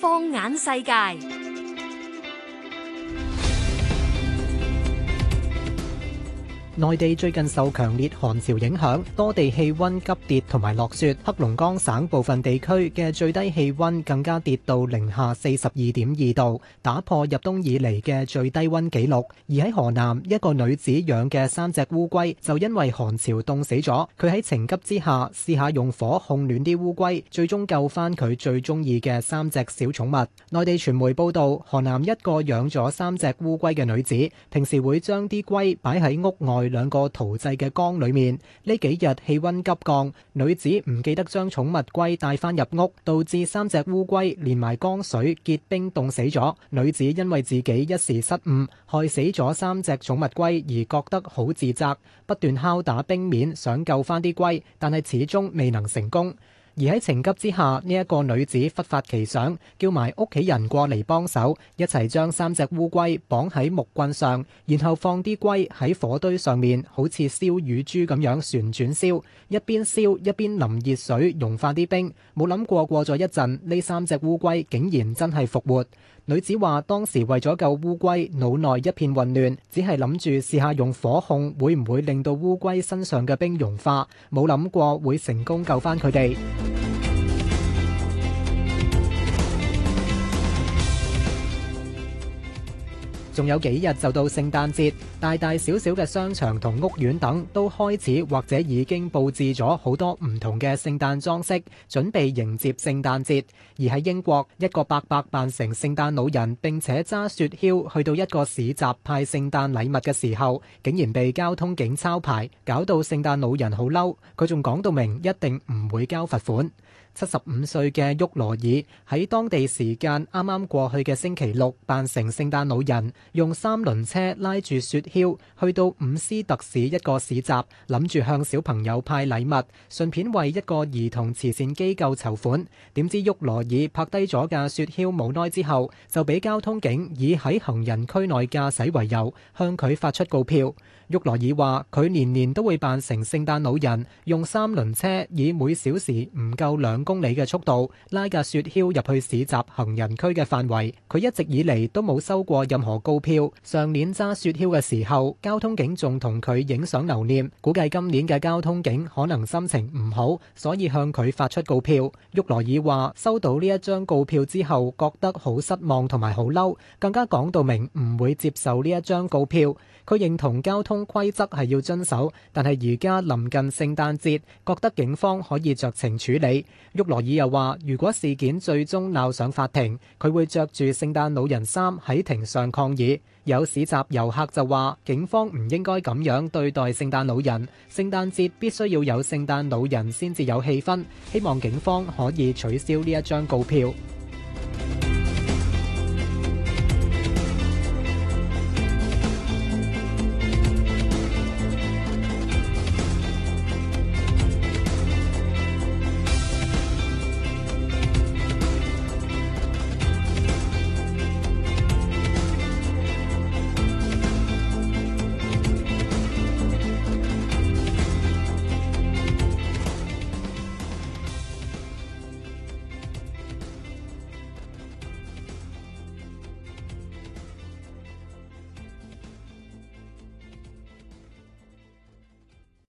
放眼世界。內地最近受強烈寒潮影響，多地氣温急跌同埋落雪。黑龍江省部分地區嘅最低氣温更加跌到零下四十二點二度，打破入冬以嚟嘅最低温紀錄。而喺河南，一個女子養嘅三隻烏龜就因為寒潮凍死咗，佢喺情急之下試下用火烘暖啲烏龜，最終救翻佢最中意嘅三隻小寵物。內地傳媒報道，河南一個養咗三隻烏龜嘅女子，平時會將啲龜擺喺屋外。在兩個陶製嘅缸裏面，呢幾日氣溫急降，女子唔記得將寵物龜帶翻入屋，導致三隻烏龜連埋缸水結冰凍死咗。女子因為自己一時失誤，害死咗三隻寵物龜，而覺得好自責，不斷敲打冰面想救翻啲龜，但係始終未能成功。而喺情急之下，呢一個女子忽發奇想，叫埋屋企人過嚟幫手，一齊將三隻烏龜綁喺木棍上，然後放啲龜喺火堆上面，好似燒乳豬咁樣旋轉燒，一邊燒一邊淋熱水溶化啲冰。冇諗過過咗一陣，呢三隻烏龜竟然真係復活。女子話：當時為咗救烏龜，腦內一片混亂，只係諗住試下用火烘會唔會令到烏龜身上嘅冰融化，冇諗過會成功救返佢哋。仲有幾日就到聖誕節，大大小小嘅商場同屋苑等都開始或者已經佈置咗好多唔同嘅聖誕裝飾，準備迎接聖誕節。而喺英國，一個伯伯扮成聖誕老人，並且揸雪橇去到一個市集派聖誕禮物嘅時候，竟然被交通警抄牌，搞到聖誕老人好嬲。佢仲講到明，一定唔會交罰款。七十五歲嘅沃羅爾喺當地時間啱啱過去嘅星期六扮成聖誕老人，用三輪車拉住雪橇，去到伍斯特市一個市集，諗住向小朋友派禮物，順便為一個兒童慈善機構籌款。點知沃羅爾拍低咗架雪橇，冇耐之後，就俾交通警以喺行人區內駕駛為由，向佢發出告票。沃羅爾話，佢年年都會扮成聖誕老人，用三輪車以每小時唔夠兩公里嘅速度拉架雪橇入去市集行人區嘅範圍，佢一直以嚟都冇收過任何告票。上年揸雪橇嘅時候，交通警仲同佢影相留念。估計今年嘅交通警可能心情唔好，所以向佢發出告票。沃羅爾話：收到呢一張告票之後，覺得好失望同埋好嬲，更加講到明唔會接受呢一張告票。佢認同交通規則係要遵守，但係而家臨近聖誕節，覺得警方可以酌情處理。沃羅爾又話：如果事件最終鬧上法庭，佢會着住聖誕老人衫喺庭上抗議。有市集遊客就話：警方唔應該咁樣對待聖誕老人，聖誕節必須要有聖誕老人先至有氣氛。希望警方可以取消呢一張告票。